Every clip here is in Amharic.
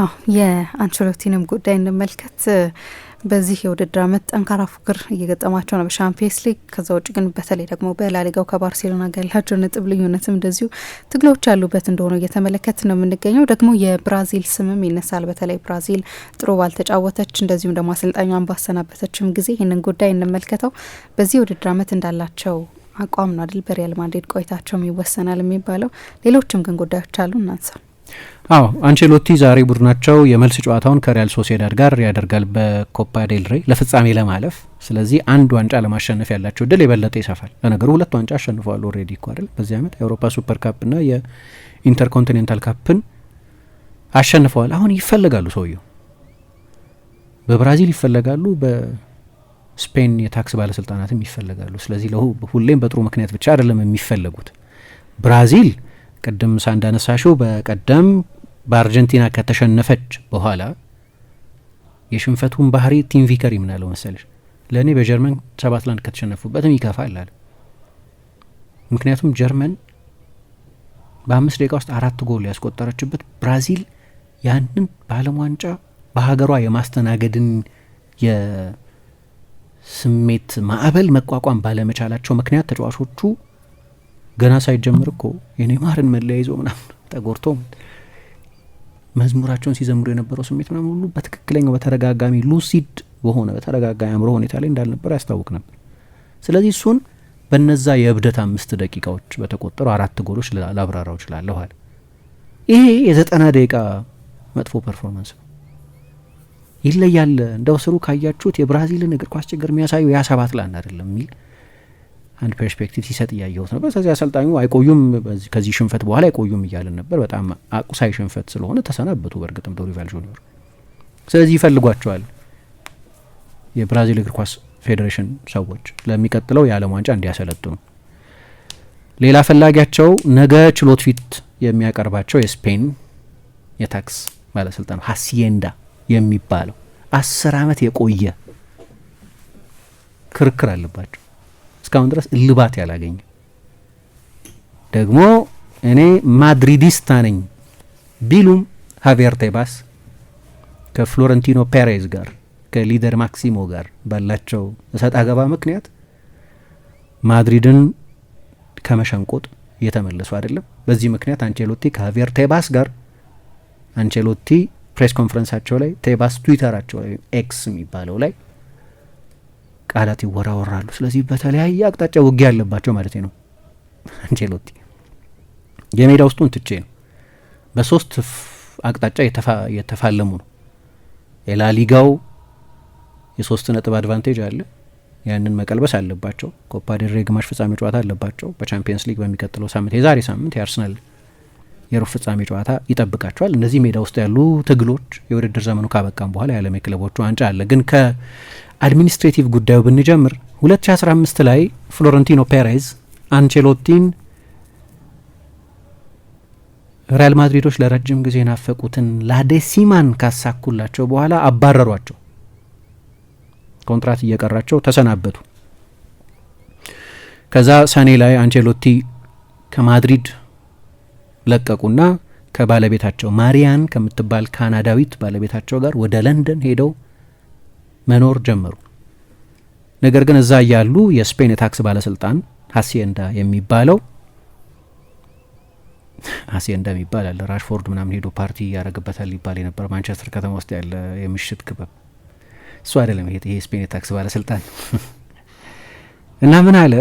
አዎ የአንቸሎቲንም ጉዳይ እንመልከት። በዚህ የውድድር አመት ጠንካራ ፉክር እየገጠማቸው ነው በሻምፒየንስ ሊግ። ከዛ ውጭ ግን በተለይ ደግሞ በላሊጋው ከባርሴሎና ጋር ያላቸው ነጥብ ልዩነትም እንደዚሁ ትግሎች ያሉበት እንደሆነ እየተመለከት ነው የምንገኘው። ደግሞ የብራዚል ስምም ይነሳል። በተለይ ብራዚል ጥሩ ባልተጫወተች፣ እንደዚሁም ደግሞ አሰልጣኟን ባሰናበተችም ጊዜ ይህንን ጉዳይ እንመልከተው። በዚህ የውድድር አመት እንዳላቸው አቋም ነው አይደል በሪያል ማድሪድ ቆይታቸውም ይወሰናል የሚባለው። ሌሎችም ግን ጉዳዮች አሉ እናንሳው። አዎ አንቸሎቲ ዛሬ ቡድናቸው የመልስ ጨዋታውን ከሪያል ሶሴዳድ ጋር ያደርጋል በኮፓ ዴልሬ ለፍጻሜ ለማለፍ። ስለዚህ አንድ ዋንጫ ለማሸነፍ ያላቸው ድል የበለጠ ይሰፋል። ለነገሩ ሁለት ዋንጫ አሸንፈዋል ኦሬዲ እኮ አይደል? በዚህ አመት የአውሮፓ ሱፐር ና የኢንተርኮንቲኔንታል ካፕን አሸንፈዋል። አሁን ይፈለጋሉ። ሰውየው በብራዚል ይፈለጋሉ፣ በስፔን የታክስ ባለስልጣናትም ይፈለጋሉ። ስለዚህ ሁሌም በጥሩ ምክንያት ብቻ አይደለም የሚፈለጉት ብራዚል ቅድም እንዳነሳሽው በቀደም በአርጀንቲና ከተሸነፈች በኋላ የሽንፈቱን ባህሪ ቲም ቪከር ይምናለው መሰለሽ ለእኔ በጀርመን ሰባት ላንድ ከተሸነፉበትም ይከፋል አለ። ምክንያቱም ጀርመን በአምስት ደቂቃ ውስጥ አራት ጎል ያስቆጠረችበት ብራዚል ያንን በዓለም ዋንጫ በሀገሯ የማስተናገድን የስሜት ማዕበል መቋቋም ባለመቻላቸው ምክንያት ተጫዋቾቹ ገና ሳይጀምር እኮ የኔ ማርን መለያ ይዞ ምናምን ተጎርቶ መዝሙራቸውን ሲዘምሩ የነበረው ስሜት ምናምን ሁሉ በትክክለኛው በተረጋጋሚ ሉሲድ በሆነ በተረጋጋ አእምሮ ሁኔታ ላይ እንዳልነበር ያስታውቅ ነበር። ስለዚህ እሱን በነዛ የእብደት አምስት ደቂቃዎች በተቆጠሩ አራት ጎሎች ላብራራው እችላለሁ አለ። ይሄ የዘጠና ደቂቃ መጥፎ ፐርፎርማንስ ነው። ይለያል እንደው ስሩ ካያችሁት የብራዚልን እግር ኳስ ችግር የሚያሳየው ያ ሰባት ለአንድ አይደለም የሚል አንድ ፐርስፔክቲቭ ሲሰጥ እያየሁት ነበር። ስለዚህ አሰልጣኙ አይቆዩም ከዚህ ሽንፈት በኋላ አይቆዩም እያለን ነበር። በጣም አቁሳይ ሽንፈት ስለሆነ ተሰናበቱ። በእርግጥም ዶሪቫል ጁኒዮር ስለዚህ ይፈልጓቸዋል የብራዚል እግር ኳስ ፌዴሬሽን ሰዎች ለሚቀጥለው የዓለም ዋንጫ እንዲያሰለጥኑ። ሌላ ፈላጊያቸው ነገ ችሎት ፊት የሚያቀርባቸው የስፔን የታክስ ባለስልጣን ሀሲየንዳ የሚባለው አስር አመት የቆየ ክርክር አለባቸው። እስካሁን ድረስ እልባት ያላገኘ ደግሞ እኔ ማድሪዲስታ ነኝ ቢሉም ሀቬር ቴባስ ከፍሎረንቲኖ ፔሬዝ ጋር ከሊደር ማክሲሞ ጋር ባላቸው እሰጥ አገባ ምክንያት ማድሪድን ከመሸንቆጥ እየተመለሱ አይደለም። በዚህ ምክንያት አንቸሎቲ ከሀቬር ቴባስ ጋር አንቸሎቲ ፕሬስ ኮንፈረንሳቸው ላይ ቴባስ ትዊተራቸው ላይ ኤክስ የሚባለው ላይ ቃላት ይወራወራሉ። ስለዚህ በተለያየ አቅጣጫ ውጊያ ያለባቸው ማለት ነው። አንቼሎቲ የሜዳ ውስጡን ትቼ ነው በሶስት አቅጣጫ የተፋለሙ ነው። የላሊጋው የሶስት ነጥብ አድቫንቴጅ አለ። ያንን መቀልበስ አለባቸው። ኮፓ ዴልሬ ግማሽ ፍጻሜ ጨዋታ አለባቸው። በቻምፒየንስ ሊግ በሚቀጥለው ሳምንት፣ የዛሬ ሳምንት የአርሰናል የሩብ ፍጻሜ ጨዋታ ይጠብቃቸዋል። እነዚህ ሜዳ ውስጥ ያሉ ትግሎች የውድድር ዘመኑ ካበቃም በኋላ የዓለም የክለቦቹ ዋንጫ አለ። ግን አድሚኒስትሬቲቭ ጉዳዩ ብንጀምር 2015 ላይ ፍሎረንቲኖ ፔሬዝ አንቸሎቲን ሪያል ማድሪዶች ለረጅም ጊዜ የናፈቁትን ላዴሲማን ካሳኩላቸው በኋላ አባረሯቸው። ኮንትራት እየቀራቸው ተሰናበቱ። ከዛ ሰኔ ላይ አንቸሎቲ ከማድሪድ ለቀቁና ከባለቤታቸው ማሪያን ከምትባል ካናዳዊት ባለቤታቸው ጋር ወደ ለንደን ሄደው መኖር ጀመሩ። ነገር ግን እዛ እያሉ የስፔን የታክስ ባለስልጣን ሀሲንዳ የሚባለው ሀሲንዳ የሚባል አለ ራሽፎርድ ምናምን ሄዶ ፓርቲ ያደረግበታል ይባል የነበረ ማንቸስተር ከተማ ውስጥ ያለ የምሽት ክበብ እሱ አይደለም። ይሄ የስፔን የታክስ ባለስልጣን እና ምን አለ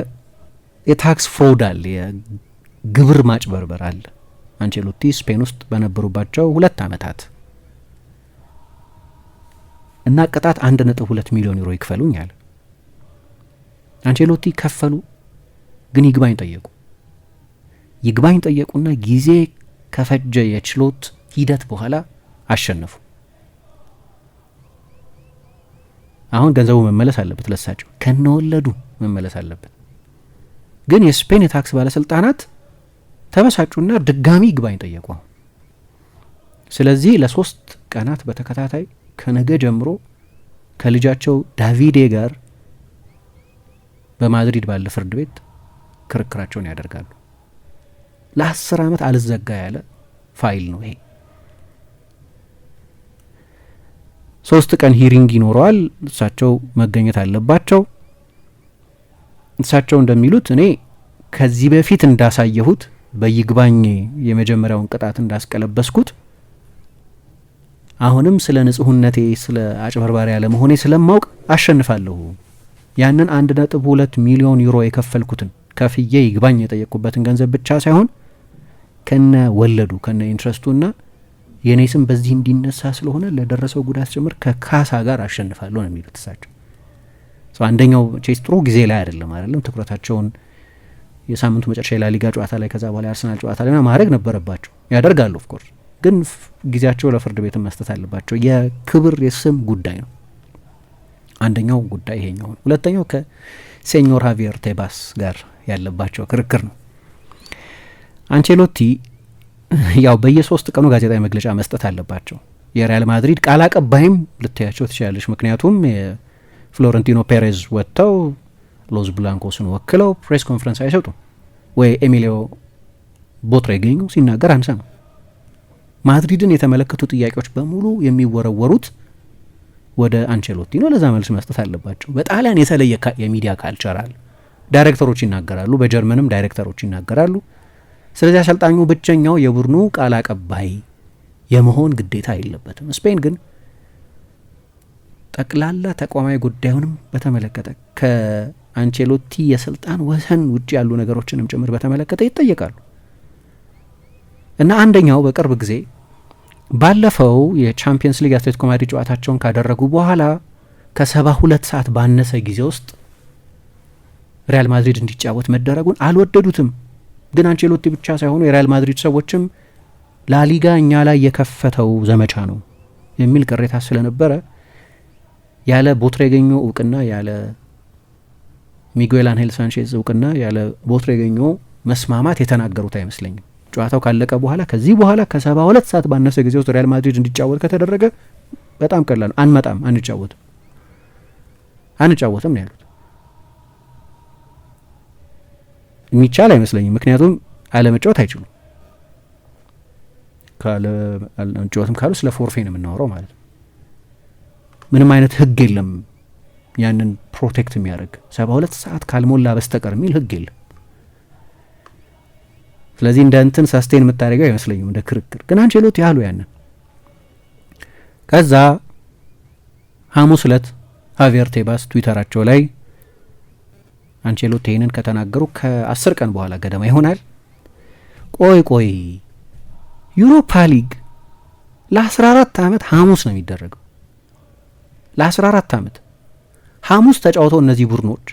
የታክስ ፍሮድ አለ፣ የግብር ማጭበርበር አለ። አንቸሎቲ ስፔን ውስጥ በነበሩባቸው ሁለት አመታት እና ቅጣት አንድ ነጥብ ሁለት ሚሊዮን ዩሮ ይክፈሉኝ አለ። አንቼሎቲ ከፈሉ፣ ግን ይግባኝ ጠየቁ። ይግባኝ ጠየቁና ጊዜ ከፈጀ የችሎት ሂደት በኋላ አሸነፉ። አሁን ገንዘቡ መመለስ አለበት፣ ለሳቸው ከነወለዱ መመለስ አለበት። ግን የስፔን የታክስ ባለስልጣናት ተበሳጩና ድጋሚ ይግባኝ ጠየቁ። አሁን ስለዚህ ለሶስት ቀናት በተከታታይ ከነገ ጀምሮ ከልጃቸው ዳቪዴ ጋር በማድሪድ ባለ ፍርድ ቤት ክርክራቸውን ያደርጋሉ። ለአስር ዓመት አልዘጋ ያለ ፋይል ነው ይሄ። ሶስት ቀን ሂሪንግ ይኖረዋል። እሳቸው መገኘት አለባቸው። እሳቸው እንደሚሉት እኔ ከዚህ በፊት እንዳሳየሁት በይግባኝ የመጀመሪያውን ቅጣት እንዳስቀለበስኩት አሁንም ስለ ንጹህነቴ ስለ አጭበርባሪ ያለመሆኔ ስለማውቅ አሸንፋለሁ። ያንን አንድ ነጥብ ሁለት ሚሊዮን ዩሮ የከፈልኩትን ከፍዬ ይግባኝ የጠየቅኩበትን ገንዘብ ብቻ ሳይሆን ከነ ወለዱ ከነ ኢንትረስቱና የእኔ ስም በዚህ እንዲነሳ ስለሆነ ለደረሰው ጉዳት ጭምር ከካሳ ጋር አሸንፋለሁ ነው የሚሉት እሳቸው። አንደኛው ቼስ ጥሩ ጊዜ ላይ አይደለም አይደለም ትኩረታቸውን የሳምንቱ መጨረሻ የላሊጋ ጨዋታ ላይ ከዛ በኋላ የአርሰናል ጨዋታ ላይ ማድረግ ነበረባቸው። ያደርጋሉ ኦፍኮርስ ግን ጊዜያቸው ለፍርድ ቤት መስጠት አለባቸው። የክብር የስም ጉዳይ ነው አንደኛው ጉዳይ ይሄኛው ነው። ሁለተኛው ከሴኞር ሀቪየር ቴባስ ጋር ያለባቸው ክርክር ነው። አንቸሎቲ ያው በየሶስት ቀኑ ጋዜጣዊ መግለጫ መስጠት አለባቸው። የሪያል ማድሪድ ቃል አቀባይም ልታያቸው ትችላለች። ምክንያቱም ፍሎረንቲኖ ፔሬዝ ወጥተው ሎዝ ብላንኮስን ወክለው ፕሬስ ኮንፈረንስ አይሰጡም ወይ ኤሚሊዮ ቦትሬጌኞ ሲናገር አንሰማም። ማድሪድን የተመለከቱ ጥያቄዎች በሙሉ የሚወረወሩት ወደ አንቸሎቲ ነው። ለዛ መልስ መስጠት አለባቸው። በጣሊያን የተለየ የሚዲያ ካልቸር አለ። ዳይሬክተሮች ይናገራሉ፣ በጀርመንም ዳይሬክተሮች ይናገራሉ። ስለዚህ አሰልጣኙ ብቸኛው የቡድኑ ቃል አቀባይ የመሆን ግዴታ የለበትም። ስፔን ግን ጠቅላላ ተቋማዊ ጉዳዩንም በተመለከተ ከአንቸሎቲ የስልጣን ወሰን ውጭ ያሉ ነገሮችንም ጭምር በተመለከተ ይጠየቃሉ እና አንደኛው በቅርብ ጊዜ ባለፈው የቻምፒየንስ ሊግ አትሌቲኮ ማድሪድ ጨዋታቸውን ካደረጉ በኋላ ከሰባ ሁለት ሰዓት ባነሰ ጊዜ ውስጥ ሪያል ማድሪድ እንዲጫወት መደረጉን አልወደዱትም። ግን አንቸሎቲ ብቻ ሳይሆኑ የሪያል ማድሪድ ሰዎችም ላሊጋ እኛ ላይ የከፈተው ዘመቻ ነው የሚል ቅሬታ ስለነበረ ያለ ቦትሬገኞ እውቅና ያለ ሚጉኤል አንሄል ሳንቼዝ እውቅና ያለ ቦትሬገኞ መስማማት የተናገሩት አይመስለኝም። ጨዋታው ካለቀ በኋላ ከዚህ በኋላ ከሰባ ሁለት ሰዓት ባነሰ ጊዜ ውስጥ ሪያል ማድሪድ እንዲጫወት ከተደረገ በጣም ቀላል ነው። አንመጣም፣ አንጫወትም፣ አንጫወትም ነው ያሉት። የሚቻል አይመስለኝም። ምክንያቱም አለመጫወት አይችሉም። አለመጫወትም ካሉ ስለ ፎርፌ ነው የምናወራው ማለት ነው። ምንም አይነት ህግ የለም ያንን ፕሮቴክት የሚያደርግ ሰባ ሁለት ሰዓት ካልሞላ በስተቀር የሚል ህግ የለም። ስለዚህ እንደ እንትን ሰስቴን የምታደርገው አይመስለኝም እንደ ክርክር። ግን አንቸሎቲ ያህሉ ያንን ከዛ ሐሙስ እለት ሀቪየር ቴባስ ትዊተራቸው ላይ አንቸሎቲ ይህንን ከተናገሩ ከአስር ቀን በኋላ ገደማ ይሆናል። ቆይ ቆይ ዩሮፓ ሊግ ለ14 አመት ሐሙስ ነው የሚደረገው። ለ14 ዓመት ሐሙስ ተጫውተው እነዚህ ቡድኖች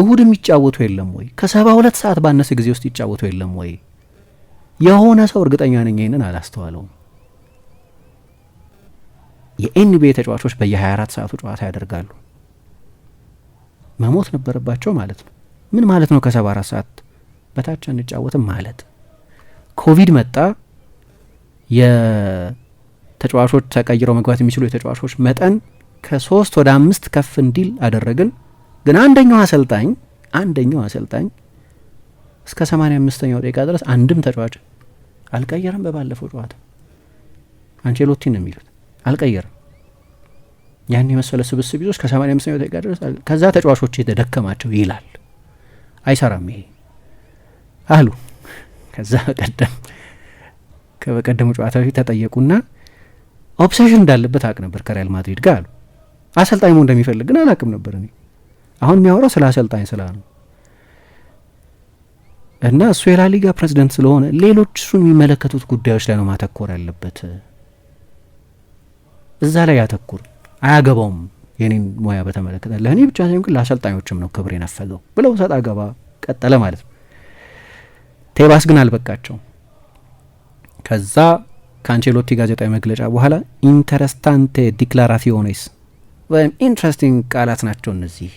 እሁድ የሚጫወቱ የለም ወይ? ከሰባ ሁለት ሰዓት ባነሰ ጊዜ ውስጥ ይጫወቱ የለም ወይ? የሆነ ሰው እርግጠኛ ነኝ ይህንን አላስተዋለውም። የኤንቢኤ ተጫዋቾች በየ24 ሰዓቱ ጨዋታ ያደርጋሉ። መሞት ነበረባቸው ማለት ነው። ምን ማለት ነው? ከ74 ሰዓት በታች አንጫወትም ማለት ኮቪድ መጣ። የተጫዋቾች ተቀይረው መግባት የሚችሉ የተጫዋቾች መጠን ከሶስት ወደ አምስት ከፍ እንዲል አደረግን። ግን አንደኛው አሰልጣኝ አንደኛው አሰልጣኝ እስከ 85 አምስተኛው ደቂቃ ድረስ አንድም ተጫዋች አልቀየረም። በባለፈው ጨዋታ አንቸሎቲ ነው የሚሉት አልቀየረም። ያን የመሰለ ስብስብ ይዞ እስከ 85 ደቂቃ ድረስ ከዛ ተጫዋቾች የተደከማቸው ይላል። አይሰራም ይሄ አሉ። ከዛ በቀደም ከበቀደሙ ጨዋታ በፊት ተጠየቁና ኦብሴሽን እንዳለበት አውቅ ነበር ከሪያል ማድሪድ ጋር አሉ። አሰልጣኝ ሞ እንደሚፈልግ ግን አላውቅም ነበር እኔ። አሁን የሚያወራው ስለ አሰልጣኝ ስላ ነው እና እሱ የላሊጋ ፕሬዚደንት ስለሆነ ሌሎች እሱን የሚመለከቱት ጉዳዮች ላይ ነው ማተኮር ያለበት። እዛ ላይ ያተኩር። አያገባውም የኔን ሙያ በተመለከተ ለእኔ ብቻ ሳይሆን ግን ለአሰልጣኞችም ነው ክብር የነፈገው ብለው ሰጥ አገባ ቀጠለ ማለት ነው። ቴባስ ግን አልበቃቸው። ከዛ ከአንቸሎቲ ጋዜጣዊ መግለጫ በኋላ ኢንተረስታንቴ ዲክላራፊዮኔስ ወይም ኢንትረስቲንግ ቃላት ናቸው እነዚህ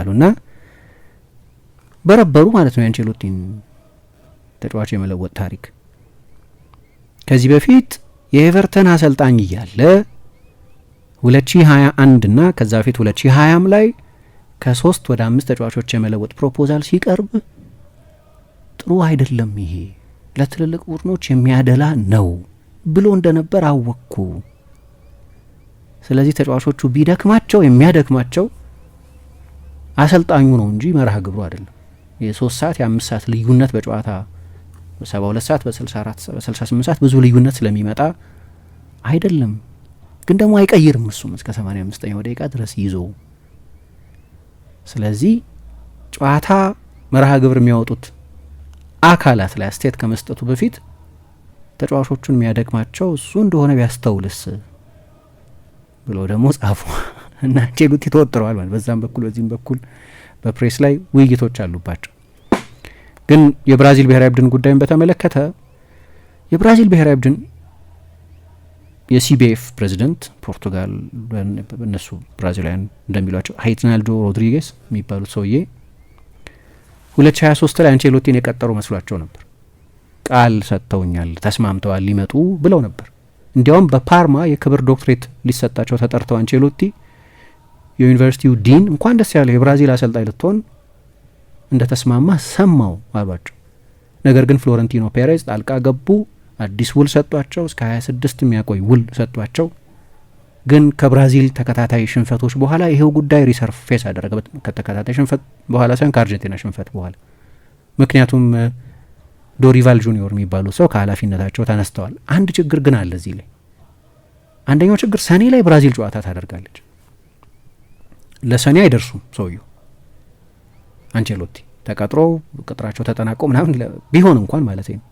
አሉና በረበሩ ማለት ነው የአንቸሎቲን ተጫዋች የመለወጥ ታሪክ። ከዚህ በፊት የኤቨርተን አሰልጣኝ እያለ 2021 እና ከዛ በፊት 2020ም ላይ ከሶስት ወደ አምስት ተጫዋቾች የመለወጥ ፕሮፖዛል ሲቀርብ ጥሩ አይደለም ይሄ ለትልልቅ ቡድኖች የሚያደላ ነው ብሎ እንደነበር አወቅኩ። ስለዚህ ተጫዋቾቹ ቢደክማቸው የሚያደክማቸው አሰልጣኙ ነው እንጂ መርሃ ግብሩ አይደለም። የሶስት ሰዓት የአምስት ሰዓት ልዩነት በጨዋታ በሰባ ሁለት ሰዓት በስልሳ አራት በስልሳ ስምንት ሰዓት ብዙ ልዩነት ስለሚመጣ አይደለም ግን ደግሞ አይቀይርም እሱም እስከ ሰማንያ አምስተኛው ደቂቃ ድረስ ይዞ ስለዚህ ጨዋታ መርሃ ግብር የሚያወጡት አካላት ላይ አስተያየት ከመስጠቱ በፊት ተጫዋቾቹን የሚያደክማቸው እሱ እንደሆነ ቢያስተውልስ ብሎ ደግሞ ጻፉ እና አንቼሎቲ ተወጥረዋል ማለት በዛም በኩል በዚህም በኩል በፕሬስ ላይ ውይይቶች አሉባቸው። ግን የብራዚል ብሔራዊ ቡድን ጉዳይን በተመለከተ የብራዚል ብሔራዊ ቡድን የሲቢኤፍ ፕሬዚደንት ፖርቱጋል እነሱ ብራዚላውያን እንደሚሏቸው ሀይትናልዶ ሮድሪጌስ የሚባሉት ሰውዬ ሶስት ላይ አንቼሎቲን የቀጠሩ መስሏቸው ነበር። ቃል ሰጥተውኛል፣ ተስማምተዋል፣ ሊመጡ ብለው ነበር። እንዲያውም በፓርማ የክብር ዶክትሬት ሊሰጣቸው ተጠርተው አንቼሎቲ የዩኒቨርሲቲው ዲን እንኳን ደስ ያለ የብራዚል አሰልጣኝ ልትሆን እንደ ተስማማ ሰማው አሏቸው። ነገር ግን ፍሎረንቲኖ ፔሬዝ ጣልቃ ገቡ። አዲስ ውል ሰጧቸው። እስከ 26 የሚያቆይ ውል ሰጧቸው። ግን ከብራዚል ተከታታይ ሽንፈቶች በኋላ ይሄው ጉዳይ ሪሰርፌስ አደረገበት። ከተከታታይ ሽንፈት በኋላ ሳይሆን ከአርጀንቲና ሽንፈት በኋላ ምክንያቱም ዶሪቫል ጁኒዮር የሚባሉ ሰው ከኃላፊነታቸው ተነስተዋል። አንድ ችግር ግን አለ እዚህ ላይ። አንደኛው ችግር ሰኔ ላይ ብራዚል ጨዋታ ታደርጋለች። ለሰኔ አይደርሱም። ሰውየው አንቸሎቲ ተቀጥሮ ቅጥራቸው ተጠናቆ ምናምን ቢሆን እንኳን ማለት ነው።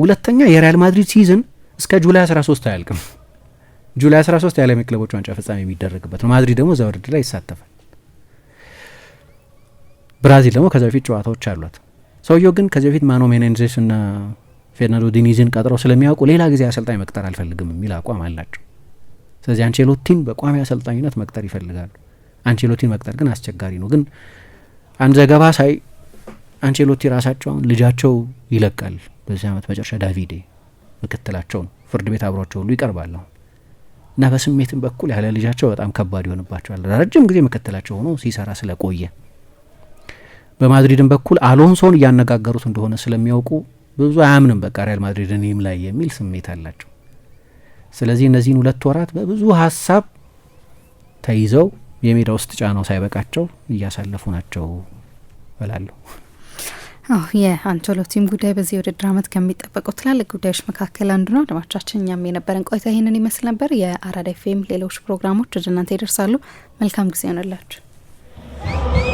ሁለተኛ የሪያል ማድሪድ ሲዝን እስከ ጁላይ 13 አያልቅም። ጁላይ 13 የዓለም የክለቦች ዋንጫ ፍጻሜ የሚደረግበት ነው። ማድሪድ ደግሞ እዛ ውድድር ላይ ይሳተፋል። ብራዚል ደግሞ ከዚ በፊት ጨዋታዎች አሏት። ሰውየው ግን ከዚህ በፊት ማኖ ሜኔንዜስ እና ፌርናንዶ ዲኒዝን ቀጥረው ስለሚያውቁ ሌላ ጊዜ አሰልጣኝ መቅጠር አልፈልግም የሚል አቋም አላቸው። ስለዚህ አንቼሎቲን በቋሚ አሰልጣኝነት መቅጠር ይፈልጋሉ። አንቸሎቲን መቅጠር ግን አስቸጋሪ ነው። ግን አንድ ዘገባ ሳይ አንቸሎቲ ራሳቸው አሁን ልጃቸው ይለቃል በዚህ አመት መጨረሻ ዳቪዴ ምክትላቸው ነው ፍርድ ቤት አብሯቸው ሁሉ ይቀርባል አሁን እና በስሜትም በኩል ያለ ልጃቸው በጣም ከባድ ይሆንባቸዋል። ረጅም ጊዜ ምክትላቸው ሆኖ ሲሰራ ስለቆየ በማድሪድም በኩል አሎንሶን እያነጋገሩት እንደሆነ ስለሚያውቁ ብዙ አያምንም። በቃ ሪያል ማድሪድ እኔም ላይ የሚል ስሜት አላቸው። ስለዚህ እነዚህን ሁለት ወራት በብዙ ሀሳብ ተይዘው የሜዳ ውስጥ ጫናው ሳይበቃቸው እያሳለፉ ናቸው እላለሁ። የአንቶሎቲም የአንቸሎቲም ጉዳይ በዚህ የውድድር ዓመት ከሚጠበቁ ትላልቅ ጉዳዮች መካከል አንዱ ነው። አድማቻችን እኛም የነበረን ቆይታ ይህንን ይመስል ነበር። የአራዳ ኤፍ ኤም ሌሎች ፕሮግራሞች ወደ እናንተ ይደርሳሉ። መልካም ጊዜ ይሆንላችሁ።